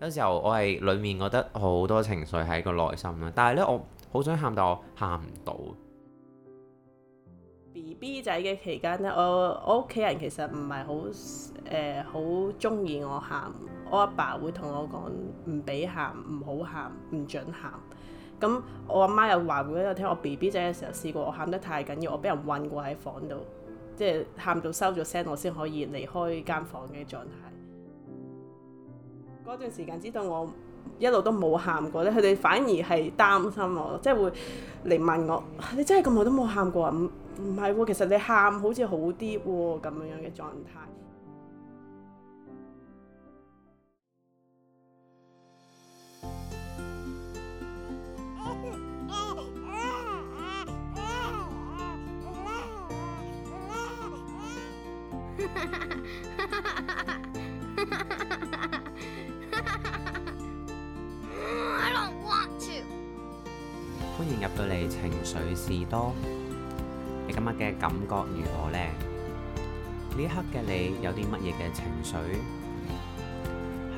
有時候我係裡面覺得好多情緒喺個內心啦，但係咧我好想喊，但我喊唔到。B B 仔嘅期間咧，我我屋企人其實唔係好誒好中意我喊，我阿爸會同我講唔俾喊、唔好喊、唔准喊。咁我阿媽又話俾我聽，我 B B 仔嘅時候試過我喊得太緊要，我俾人韞過喺房度，即係喊到收咗聲，我先可以離開間房嘅狀態。嗰段時間，知道我一路都冇喊過咧，佢哋反而係擔心我，即係會嚟問我：你真係咁耐都冇喊過啊？唔唔係喎，其實你喊好似好啲喎，咁樣樣嘅狀態。 對你情緒士多，你今日嘅感覺如何呢？呢刻嘅你有啲乜嘢嘅情緒？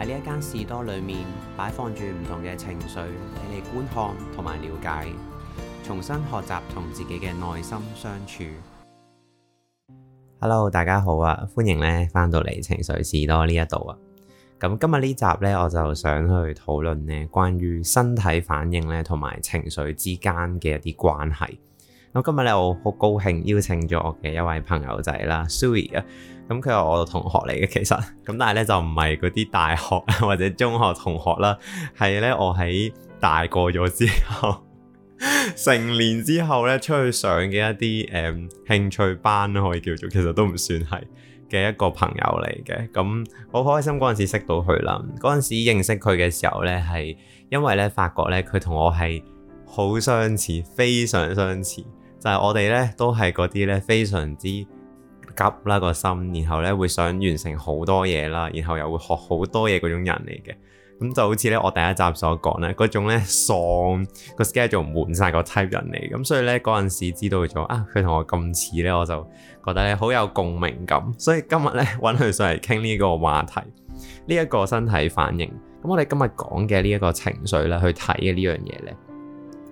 喺呢一間士多裏面擺放住唔同嘅情緒，俾你觀看同埋了解，重新學習同自己嘅內心相處。Hello，大家好啊，歡迎呢翻到嚟情緒士多呢一度啊！咁今日呢集呢，我就想去討論呢關於身體反應呢同埋情緒之間嘅一啲關係。咁今日呢，我好高興邀請咗我嘅一位朋友仔啦，Zoe 啊。咁佢係我同學嚟嘅，其實咁，但係呢就唔係嗰啲大學或者中學同學啦，係呢，我喺大個咗之後， 成年之後呢出去上嘅一啲誒、嗯、興趣班可以叫做，其實都唔算係。嘅一個朋友嚟嘅，咁好開心嗰陣時識到佢啦。嗰陣時認識佢嘅時候呢，係因為呢發覺呢，佢同我係好相似，非常相似，就係我哋呢，都係嗰啲呢非常之急啦個心，然後呢會想完成好多嘢啦，然後又會學好多嘢嗰種人嚟嘅。咁就好似咧，我第一集所講咧，嗰種咧喪嗰個 schedule 滿晒個 type 人嚟，咁所以咧嗰陣時知道咗啊，佢同我咁似咧，我就覺得咧好有共鳴感，所以今日咧揾佢上嚟傾呢個話題，呢一個身體反應，咁我哋今日講嘅呢一個情緒咧，去睇嘅呢樣嘢咧，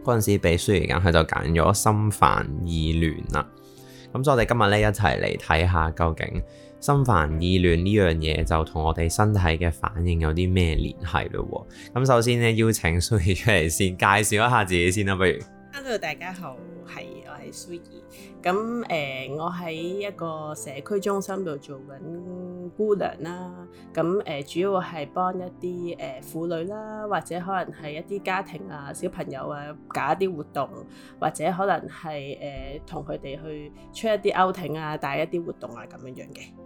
嗰陣時俾書嚟揀佢就揀咗心煩意亂啦。咁、嗯、所以我哋今日咧一齊嚟睇下究竟心煩意亂呢樣嘢就同我哋身體嘅反應有啲咩聯繫咯？咁、嗯、首先咧邀請 Zoe、e、出嚟先，介紹一下自己先啦，不如？Hello，大家好，係。咁誒、 嗯嗯，我喺一個社區中心度做緊姑娘啦。咁、嗯、誒、嗯，主要係幫一啲誒婦女啦，或者可能係一啲家庭啊、小朋友啊搞一啲活動，或者可能係誒同佢哋去出一啲 outing 啊、帶一啲活動啊咁樣樣嘅。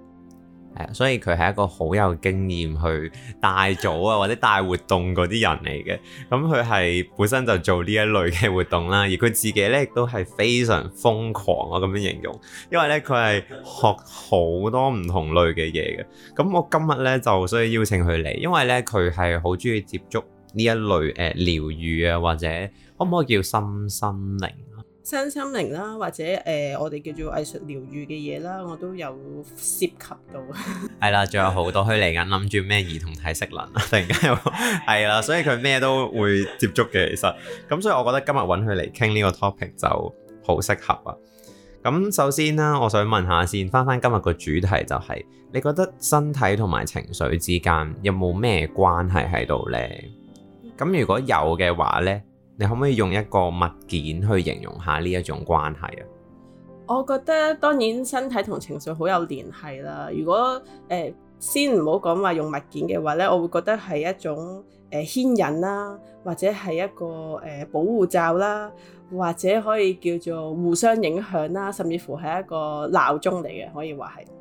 所以佢係一個好有經驗去大組啊或者大活動嗰啲人嚟嘅。咁佢係本身就做呢一類嘅活動啦，而佢自己咧亦都係非常瘋狂啊，我咁樣形容，因為咧佢係學好多唔同類嘅嘢嘅。咁我今日咧就所以邀請佢嚟，因為咧佢係好中意接觸呢一類誒、呃、療癒啊或者可唔可以叫心心靈？身心靈啦，或者誒、呃，我哋叫做藝術療癒嘅嘢啦，我都有涉及到。係 啦，仲有好多佢嚟緊，諗住咩兒童體適能啊，突然間又係啦，所以佢咩都會接觸嘅。其實咁，所以我覺得今日揾佢嚟傾呢個 topic 就好適合啊。咁首先啦，我想問下先，翻翻今日個主題就係、是，你覺得身體同埋情緒之間有冇咩關係喺度呢？咁如果有嘅話呢。你可唔可以用一個物件去形容下呢一種關係啊？我覺得當然身體同情緒好有聯繫啦。如果誒、呃、先唔好講話用物件嘅話咧，我會覺得係一種誒、呃、牽引啦，或者係一個誒、呃、保護罩啦，或者可以叫做互相影響啦，甚至乎係一個鬧鐘嚟嘅，可以話係。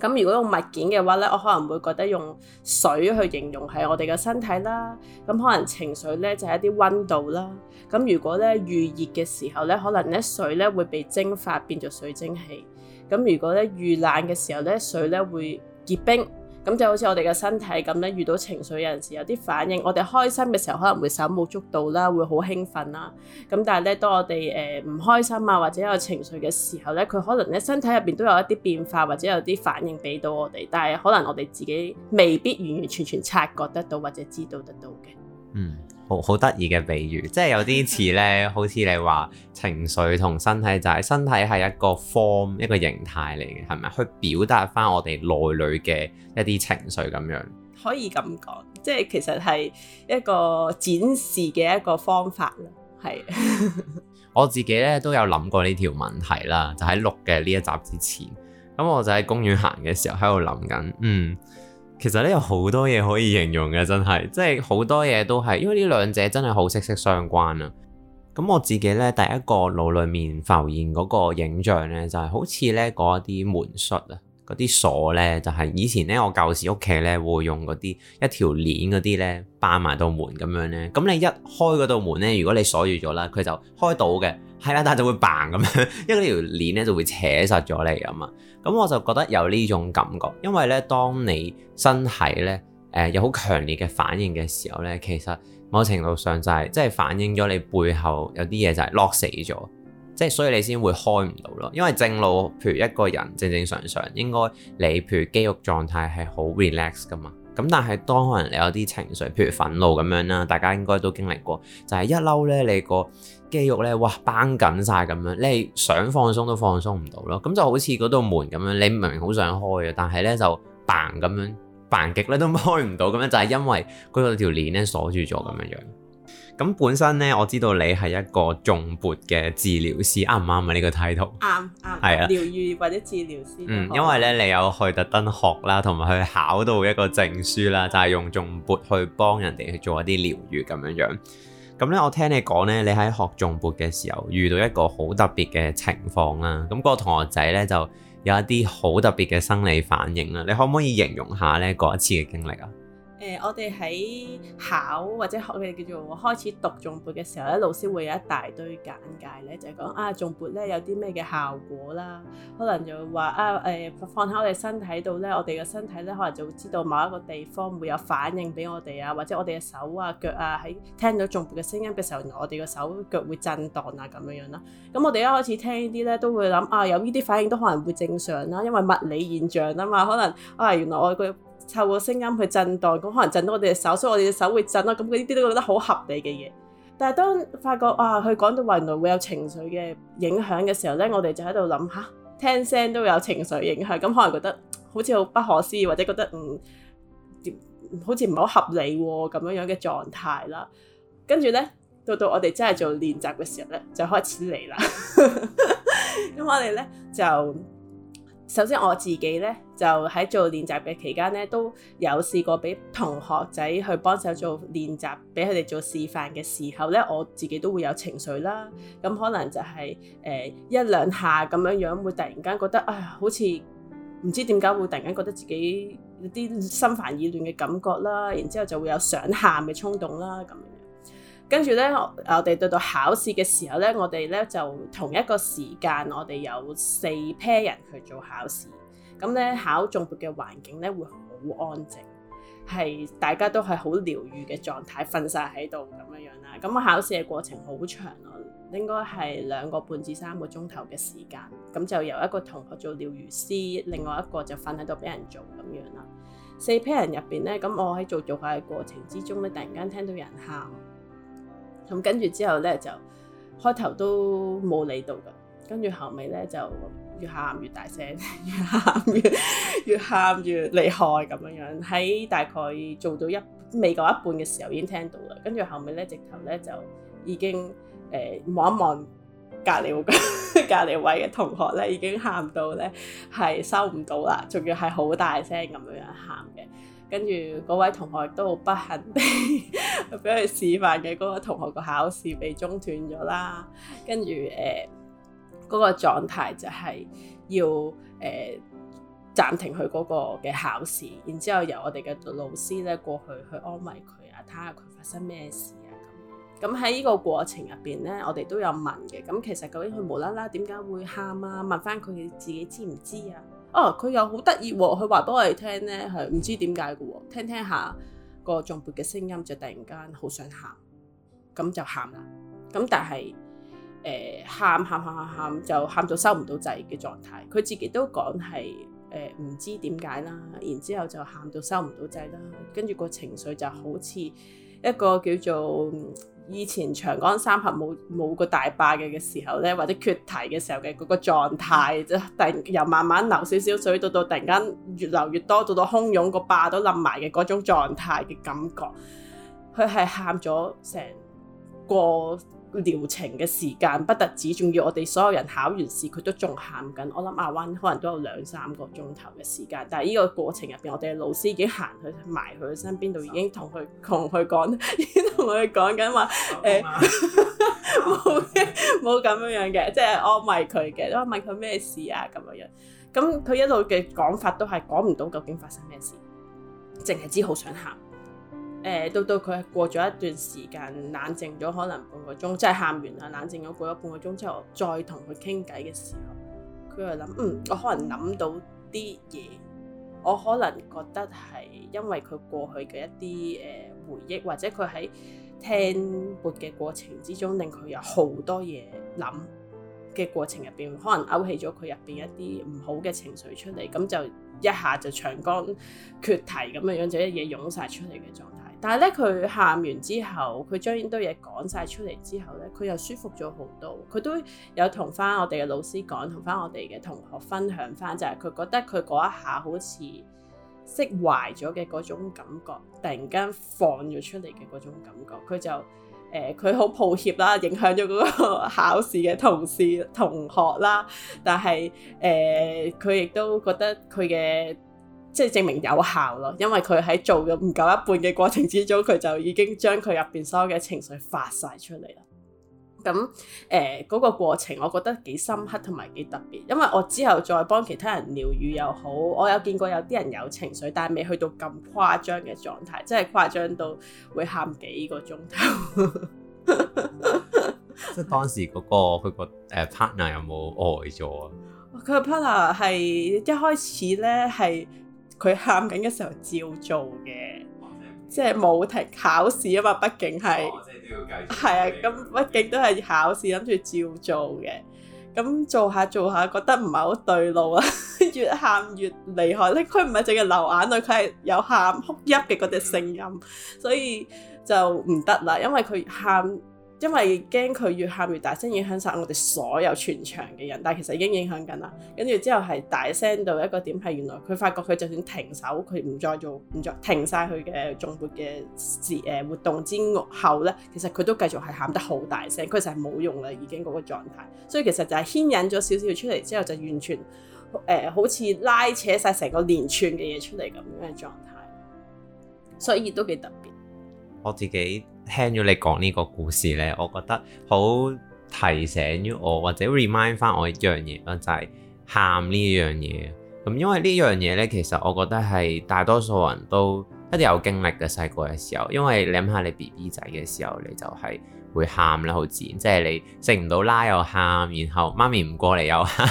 咁如果用物件嘅話咧，我可能會覺得用水去形容係我哋嘅身體啦。咁可能情緒咧就係一啲温度啦。咁如果咧遇熱嘅時候咧，可能呢水咧會被蒸發變做水蒸氣。咁如果咧遇冷嘅時候咧，水咧會結冰。咁就好似我哋嘅身體咁咧，遇到情緒有陣時有啲反應。我哋開心嘅時候可能會手舞足蹈啦，會好興奮啦。咁但係咧，當我哋誒唔開心啊，或者有情緒嘅時候咧，佢可能咧身體入邊都有一啲變化，或者有啲反應俾到我哋。但係可能我哋自己未必完完全全察覺得到或者知道得到嘅。嗯，好好得意嘅比喻，即係有啲似咧，好似你話情緒同身體就係、是，身體係一個 form 一個形態嚟嘅，係咪？去表達翻我哋內裏嘅一啲情緒咁樣，可以咁講，即係其實係一個展示嘅一個方法啦。係， 我自己咧都有諗過呢條問題啦，就喺錄嘅呢一集之前，咁我就喺公園行嘅時候喺度諗緊，嗯。其實咧有好多嘢可以形容嘅，真係，即係好多嘢都係，因為呢兩者真係好息息相關啊。咁我自己咧，第一個腦裡面浮現嗰個影像咧，就係、是、好似咧嗰啲門鎖啊。嗰啲鎖咧，就係以前咧，我舊時屋企咧會用嗰啲一條鏈嗰啲咧，扮埋道門咁樣咧。咁你一開嗰道門咧，如果你鎖住咗啦，佢就開到嘅，係啦，但係就會扮咁樣，因為呢條鏈咧就會扯實咗你咁啊。咁我就覺得有呢種感覺，因為咧，當你身體咧，誒有好強烈嘅反應嘅時候咧，其實某程度上就係，即係反映咗你背後有啲嘢就係 lock 死咗。即係所以你先會開唔到咯，因為正路譬如一個人正正常常應該你譬如肌肉狀態係好 relax 噶嘛，咁但係當可能你有啲情緒譬如憤怒咁樣啦，大家應該都經歷過，就係、是、一嬲咧你個肌肉咧哇繃緊晒咁樣，你想放鬆都放鬆唔到咯，咁就好似嗰道門咁樣，你明明好想開嘅，但係咧就扮咁樣扮極咧都開唔到咁樣，就係因為嗰個條鏈咧鎖住咗咁樣樣。咁本身咧，我知道你係一個重撥嘅治療師，啱唔啱啊？呢個態度？啱啱，係啊，啊療愈或者治療師。嗯，因為咧，你有去特登學啦，同埋去考到一個證書啦，就係用重撥去幫人哋去做一啲療愈咁樣樣。咁咧，我聽你講咧，你喺學重撥嘅時候遇到一個好特別嘅情況啦。咁嗰個同學仔咧就有一啲好特別嘅生理反應啦。你可唔可以形容下咧嗰一次嘅經歷啊？誒、呃，我哋喺考或者學嘅叫做開始讀重撥嘅時候咧，老師會有一大堆簡介咧，就係、是、講啊重撥咧有啲咩嘅效果啦，可能就話啊誒、呃、放喺我哋身體度咧，我哋嘅身體咧可能就會知道某一個地方會有反應俾我哋啊，或者我哋嘅手啊腳啊喺聽到重撥嘅聲音嘅時候，我哋嘅手腳會震盪啊咁樣樣啦。咁我哋一開始聽呢啲咧，都會諗啊有呢啲反應都可能會正常啦，因為物理現象啊嘛，可能啊原來我個。靠個聲音去震動，咁可能震到我哋嘅手，所以我哋嘅手會震咯。咁呢啲都覺得好合理嘅嘢。但係當發覺哇，佢、啊、講到原來會有情緒嘅影響嘅時候呢，我哋就喺度諗下，聽聲都會有情緒影響，咁可能覺得好似好不可思議，或者覺得唔、嗯、好似唔係好合理咁、哦、樣樣嘅狀態啦。跟住呢，到到我哋真係做練習嘅時候呢，就開始嚟啦。咁 我哋呢，就。首先我自己咧，就喺做練習嘅期間咧，都有試過俾同學仔去幫手做練習，俾佢哋做示範嘅時候咧，我自己都會有情緒啦。咁可能就係誒一兩下咁樣樣，會突然間覺得啊，好似唔知點解會突然間覺得自己有啲心煩意亂嘅感覺啦，然之後就會有想喊嘅衝動啦咁。跟住咧，我哋到到考試嘅時候咧，我哋咧就同一個時間，我哋有四 pair 人去做考試。咁咧考頌缽嘅環境咧會好安靜，係大家都係好療愈嘅狀態，瞓晒喺度咁樣樣啦。咁考試嘅過程好長咯，應該係兩個半至三個鐘頭嘅時間。咁就由一個同學做療愈師，另外一個就瞓喺度俾人做咁樣啦。四 pair 人入邊咧，咁我喺做做下嘅過程之中咧，突然間聽到人喊。咁跟住之後咧，就開頭都冇嚟到噶，跟住後尾咧就越喊越大聲，越喊越越喊越厲害咁樣樣。喺大概做到一未夠一半嘅時候已經聽到啦，跟住後尾咧直頭咧就已經誒、呃、望一望隔離位，隔離位嘅同學咧已經喊到咧係收唔到啦，仲要係好大聲咁樣樣喊嘅。跟住嗰位同學都好不幸地俾佢示範嘅嗰個同學考試、呃那個呃、個考試被中斷咗啦，跟住誒嗰個狀態就係要誒暫停佢嗰個嘅考試，然之後由我哋嘅老師咧過去去安慰佢啊，睇下佢發生咩事啊咁。咁喺呢個過程入邊咧，我哋都有問嘅，咁其實究竟佢無啦啦點解會喊啊？問翻佢自己知唔知啊？哦，佢又好得意喎！佢話俾我哋聽咧，係唔知點解嘅喎，聽聽下個重撥嘅聲音，就突然間好想喊，咁就喊啦。咁但係誒，喊喊喊喊喊，就喊到收唔到掣嘅狀態。佢自己都講係誒唔知點解啦，然之後就喊到收唔到掣啦，跟住個情緒就好似一個叫做。以前長江三峽冇冇個大壩嘅嘅時候咧，或者決堤嘅時候嘅嗰個狀態，突然又慢慢流少少水，到到突然間越流越多，到到洶湧，個壩都冧埋嘅嗰種狀態嘅感覺，佢係喊咗成個。療程嘅時間不特止，仲要我哋所有人考完試，佢都仲喊緊。我諗阿灣可能都有兩三個鐘頭嘅時間，但係呢個過程入邊，我哋老師已經行去埋佢身邊度，已經同佢同佢講，已經同佢講緊話誒，冇冇咁樣樣嘅，即係安慰佢嘅。你話問佢咩事啊？咁樣樣，咁佢一路嘅講法都係講唔到究竟發生咩事，淨係知好想喊。誒到到佢過咗一段時間冷靜咗，可能半個鐘，即係喊完啦，冷靜咗過咗半個鐘之後，再同佢傾偈嘅時候，佢就諗，嗯，我可能諗到啲嘢，我可能覺得係因為佢過去嘅一啲誒、呃、回憶，或者佢喺聽撥嘅過程之中，令佢有好多嘢諗嘅過程入邊，可能勾起咗佢入邊一啲唔好嘅情緒出嚟，咁就一下就長江決堤咁樣樣，就一嘢湧晒出嚟嘅狀態。但係咧，佢喊完之後，佢將呢堆嘢講晒出嚟之後咧，佢又舒服咗好多。佢都有同翻我哋嘅老師講，同翻我哋嘅同學分享翻，就係、是、佢覺得佢嗰一下好似釋懷咗嘅嗰種感覺，突然間放咗出嚟嘅嗰種感覺。佢就誒，佢、呃、好抱歉啦，影響咗嗰個考試嘅同事同學啦。但係誒，佢、呃、亦都覺得佢嘅。即係證明有效咯，因為佢喺做咗唔夠一半嘅過程之中，佢就已經將佢入邊所有嘅情緒發晒出嚟啦。咁誒嗰個過程，我覺得幾深刻同埋幾特別，因為我之後再幫其他人療愈又好，我有見過有啲人有情緒，但係未去到咁誇張嘅狀態，即係誇張到會喊幾個鐘頭。 即當時嗰、嗰個佢個誒 partner 有冇呆咗啊？佢個 partner 係一開始咧係。佢喊緊嘅時候照做嘅，即係冇停考試啊嘛，畢竟係，係、哦、啊，咁畢竟都係考試，諗住照做嘅，咁做下做下覺得唔係好對路啊， 越喊越厲害，咧佢唔係淨係流眼淚，佢係有喊哭泣嘅嗰隻聲音，所以就唔得啦，因為佢喊。因為驚佢越喊越大聲，影響晒我哋所有全場嘅人。但係其實已經影響緊啦。跟住之後係大聲到一個點，係原來佢發覺佢就算停手，佢唔再做，唔再停晒佢嘅重活嘅事誒活動之後咧，其實佢都繼續係喊得好大聲。佢就係冇用啦，已經嗰個狀態。所以其實就係牽引咗少少出嚟之後，就完全誒、呃、好似拉扯晒成個連串嘅嘢出嚟咁樣嘅狀態。所以亦都幾特別。我自己聽咗你講呢個故事咧，我覺得好提醒於我，或者 remind 翻我一樣嘢咯，就係喊呢樣嘢。咁、嗯、因為呢樣嘢咧，其實我覺得係大多數人都一定有經歷嘅細個嘅時候，因為諗下你 B B 仔嘅時候，你就係會喊啦，好自然。即係你食唔到拉又喊，然後媽咪唔過嚟又喊，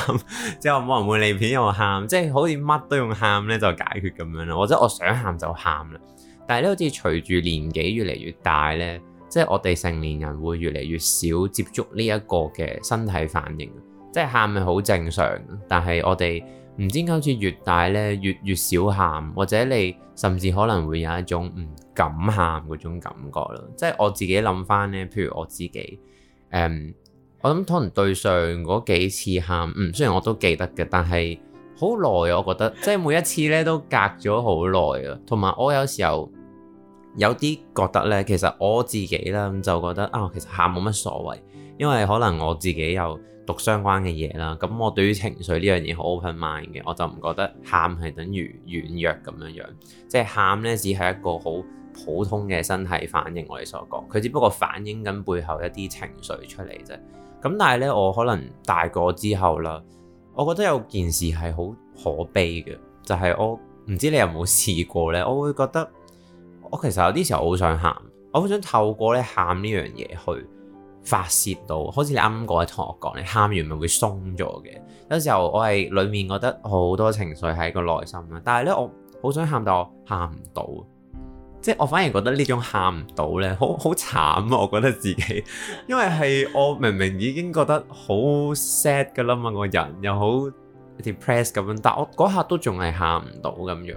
之 後冇人換尿片又喊，即係好似乜都用喊咧就解決咁樣啦。或者我想喊就喊啦。但係咧，好似隨住年紀越嚟越大咧，即係我哋成年人會越嚟越少接觸呢一個嘅身體反應。即係喊係好正常，但係我哋唔知點解好似越大咧，越越少喊，或者你甚至可能會有一種唔敢喊嗰種感覺咯。即係我自己諗翻咧，譬如我自己，誒、嗯，我諗可能對上嗰幾次喊，嗯，雖然我都記得嘅，但係好耐，我覺得即係每一次咧都隔咗好耐啊。同埋我有時候。有啲覺得呢，其實我自己啦，就覺得啊、哦，其實喊冇乜所謂，因為可能我自己有讀相關嘅嘢啦，咁我對於情緒呢樣嘢好 open mind 嘅，我就唔覺得喊係等於軟弱咁樣樣，即係喊呢只係一個好普通嘅身體反應，我哋所講，佢只不過反映緊背後一啲情緒出嚟啫。咁但係呢，我可能大個之後啦，我覺得有件事係好可悲嘅，就係、是、我唔知你有冇試過呢，我會覺得。我其實有啲時候好想喊，我好想透過咧喊呢樣嘢去發泄到，好似你啱啱嗰日同我講，你喊完咪會鬆咗嘅。有時候我係裡面覺得好多情緒喺個內心啦，但係咧我好想喊，但係我喊唔到，即係我反而覺得種呢種喊唔到咧，好好慘啊！我覺得自己，因為係我明明已經覺得好 sad 噶啦嘛，個人又好 depressed 咁樣，但我嗰刻都仲係喊唔到咁樣。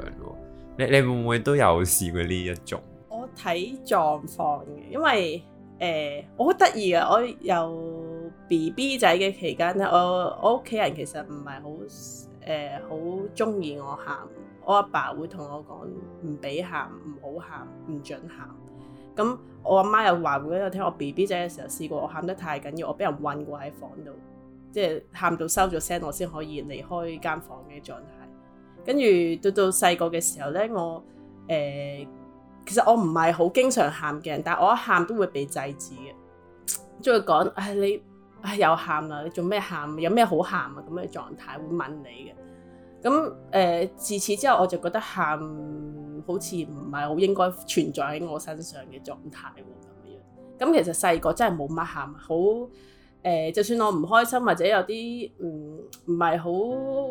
你你會唔會都有試過呢一種？我睇狀況嘅，因為誒、呃、我好得意嘅，我有 B B 仔嘅期間咧，我我屋企人其實唔係好誒好中意我喊，我阿爸，爸會同我講唔俾喊，唔好喊，唔准喊。咁我阿媽又話俾我聽我 B B 仔嘅時候試過我喊得太緊要，我俾人韞過喺房度，即係喊到收咗聲，我先可以離開間房嘅狀態。跟住到到細個嘅時候咧，我誒、呃、其實我唔係好經常喊嘅人，但我一喊都會被制止嘅，就會講：唉、哎、你唉又喊你做咩喊？有咩好喊啊？咁嘅狀態會問你嘅。咁誒自此之後，我就覺得喊好似唔係好應該存在喺我身上嘅狀態喎咁樣。咁其實細個真係冇乜喊，好誒、呃，就算我唔開心或者有啲唔唔係好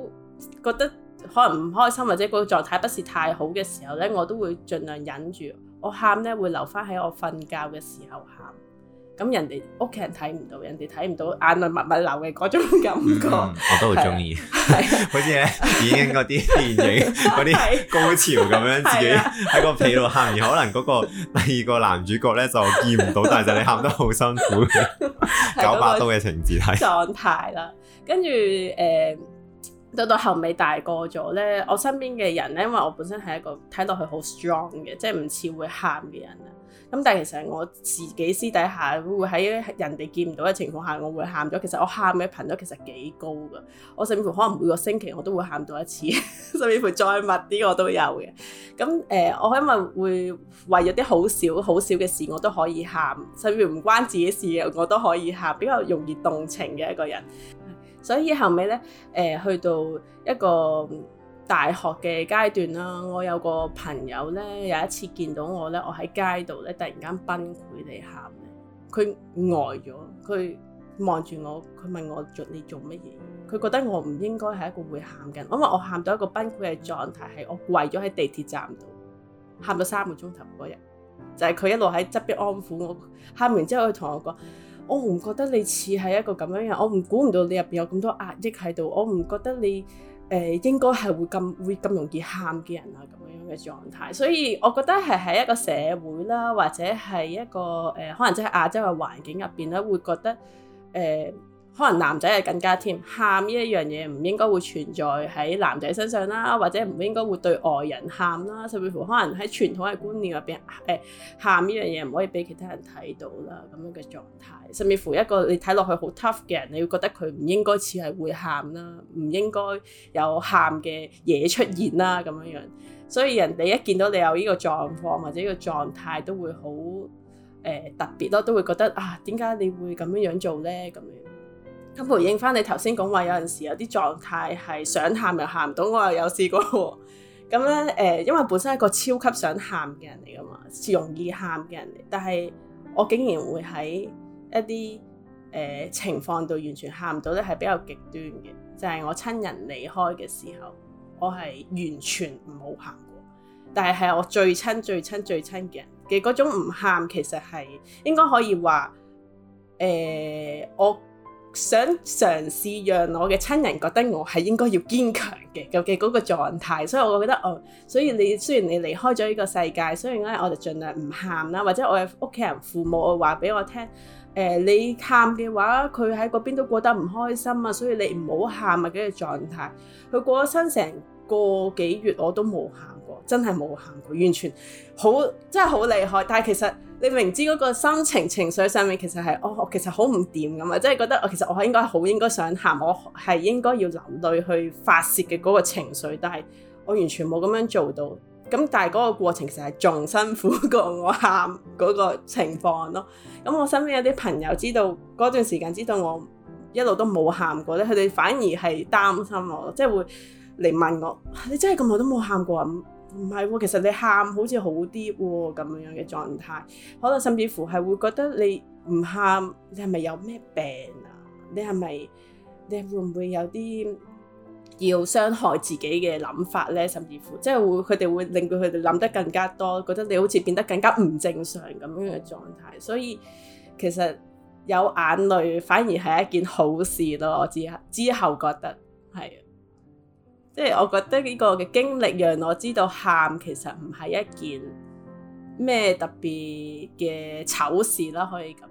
覺得。可能唔開心或者個狀態不是太好嘅時候呢，我都會盡量忍住。我喊呢，會留翻喺我瞓覺嘅時候喊，咁人哋屋企人睇唔到，人哋睇唔到眼淚密密流嘅嗰種感覺，我都好鍾意。好似呢演嗰啲電影嗰啲高潮咁樣，自己喺個被度喊，而可能嗰個第二個男主角呢，就見唔到，但係就你喊得好辛苦嘅九把刀嘅情節係狀態啦。跟住誒。到到後尾大個咗咧，我身邊嘅人咧，因為我本身係一個睇落去好 strong 嘅，即係唔似會喊嘅人啦。咁但係其實我自己私底下會喺人哋見唔到嘅情況下，我會喊咗。其實我喊嘅頻率其實幾高㗎，我甚至乎可能每個星期我都會喊到一次，甚至乎再密啲我都有嘅。咁誒、呃，我因為會為咗啲好少好少嘅事，我都可以喊，甚至乎唔關自己事嘅，我都可以喊，比較容易動情嘅一個人。所以後尾咧，誒、呃、去到一個大學嘅階段啦，我有個朋友咧，有一次見到我咧，我喺街度咧突然間崩潰咁喊咧，佢呆咗，佢望住我，佢問我做你做乜嘢？佢覺得我唔應該係一個會喊嘅，因為我喊到一個崩潰嘅狀態，係我跪咗喺地鐵站度，喊咗三個鐘頭嗰日，就係、是、佢一路喺側邊安撫我，喊完之後佢同我講。.我唔覺得你似係一個咁樣人，我唔估唔到你入邊有咁多壓抑喺度，我唔覺得你誒、呃、應該係會咁會咁容易喊嘅人啊，咁樣嘅狀態，所以我覺得係喺一個社會啦，或者係一個誒、呃，可能即係亞洲嘅環境入邊咧，會覺得誒。呃可能男仔係更加添，喊呢一樣嘢唔應該會存在喺男仔身上啦，或者唔應該會對外人喊啦，甚至乎可能喺傳統嘅觀念入邊，誒喊呢樣嘢唔可以俾其他人睇到啦。咁樣嘅狀態，甚至乎一個你睇落去好 tough 嘅人，你會覺得佢唔應該似係會喊啦，唔應該有喊嘅嘢出現啦。咁樣樣，所以人哋一見到你有呢個狀況或者呢個狀態，都會好、呃、特別咯，都會覺得啊點解你會咁樣樣做呢？咁樣。咁回應翻你頭先講話，有陣時有啲狀態係想喊又喊唔到，我又有試過喎。咁咧誒，因為本身係一個超級想喊嘅人嚟噶嘛，容易喊嘅人，嚟。但係我竟然會喺一啲誒、呃、情況度完全喊唔到咧，係比較極端嘅，就係、是、我親人離開嘅時候，我係完全唔好喊。但係係我最親最親最親嘅人嘅嗰種唔喊，其實係應該可以話誒、呃、我。想嘗試讓我嘅親人覺得我係應該要堅強嘅，尤其嗰個狀態，所以我覺得哦，所以你雖然你離開咗呢個世界，所以咧我就儘量唔喊啦，或者我嘅屋企人父母會我話俾我聽，誒、呃、你喊嘅話，佢喺嗰邊都過得唔開心啊，所以你唔好喊啊嘅、嗰個、狀態，佢過咗身成個幾月我都冇喊。真係冇喊過，完全好真係好厲害。但係其實你明知嗰個心情情緒上面其實係，哦，其實好唔掂咁啊！即係覺得我其實我應該好應該想喊，我係應該要流淚去發泄嘅嗰個情緒，但係我完全冇咁樣做到。咁但係嗰個過程其實係仲辛苦過我喊嗰個情況咯。咁、嗯、我身邊有啲朋友知道嗰段時間，知道我一路都冇喊過咧，佢哋反而係擔心我，即係會嚟問我：你真係咁耐都冇喊過啊？唔係喎，其實你喊好似好啲喎，咁樣嘅狀態，可能甚至乎係會覺得你唔喊，你係咪有咩病啊？你係咪你會唔會有啲要傷害自己嘅諗法呢？甚至乎即係會佢哋會令到佢哋諗得更加多，覺得你好似變得更加唔正常咁樣嘅狀態。所以其實有眼淚反而係一件好事咯。我之之後覺得係。即係我覺得呢個嘅經歷讓我知道喊其實唔係一件咩特別嘅醜事啦，可以咁。